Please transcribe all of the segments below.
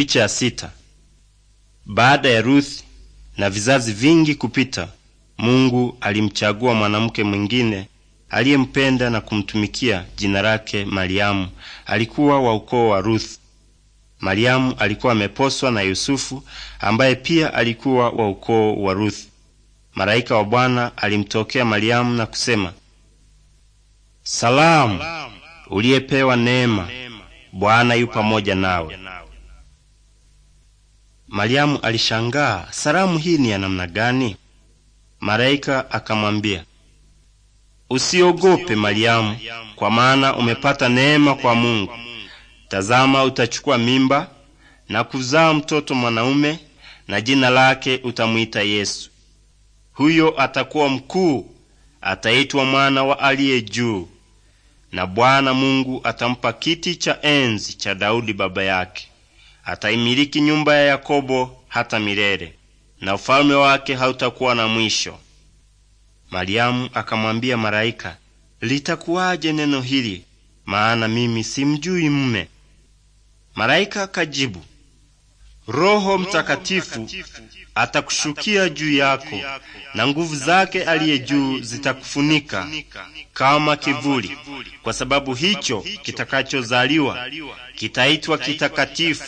Picha ya sita. Baada ya Ruthi na vizazi vingi kupita, Mungu alimchagua mwanamke mwingine aliyempenda na kumtumikia, jina lake Mariamu. Alikuwa wa ukoo wa Ruthi. Mariamu alikuwa ameposwa na Yusufu ambaye pia alikuwa wa ukoo wa Ruthi. Malaika wa Bwana alimtokea Mariamu na kusema, Salamu uliyepewa neema, Bwana yu pamoja nawe. Mariamu alishangaa, salamu hii ni ya namna gani? Malaika akamwambia, usiogope Mariamu, kwa maana umepata neema kwa Mungu. Tazama, utachukua mimba na kuzaa mtoto mwanaume, na jina lake utamwita Yesu. Huyo atakuwa mkuu, ataitwa mwana wa aliye juu, na Bwana Mungu atampa kiti cha enzi cha Daudi baba yake. Ataimiliki nyumba ya Yakobo hata milele, na ufalme wake hautakuwa na mwisho. Mariamu akamwambia malaika, litakuwaje neno hili? Maana mimi simjui mume. Malaika akajibu, Roho Mtakatifu atakushukia juu yako na nguvu zake aliye juu zitakufunika kama kivuli. Kwa sababu hicho kitakachozaliwa kitaitwa kitakatifu,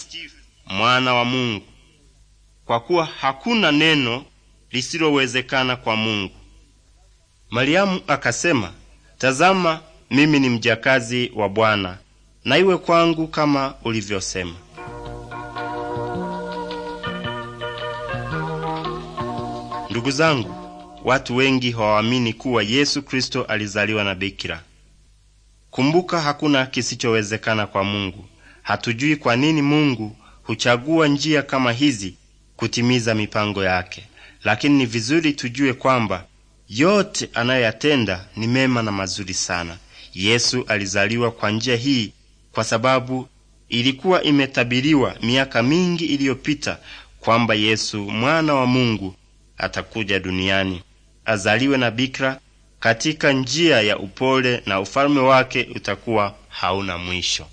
mwana wa Mungu. Kwa kuwa hakuna neno lisilowezekana kwa Mungu. Mariamu akasema, tazama, mimi ni mjakazi wa Bwana, na iwe kwangu kama ulivyosema. Ndugu zangu, watu wengi hawaamini kuwa Yesu Kristo alizaliwa na bikira. Kumbuka, hakuna kisichowezekana kwa Mungu. Hatujui kwa nini Mungu huchagua njia kama hizi kutimiza mipango yake, lakini ni vizuri tujue kwamba yote anayoyatenda ni mema na mazuri sana. Yesu alizaliwa kwa njia hii kwa sababu ilikuwa imetabiriwa miaka mingi iliyopita kwamba Yesu mwana wa Mungu atakuja duniani, azaliwe na bikira katika njia ya upole, na ufalme wake utakuwa hauna mwisho.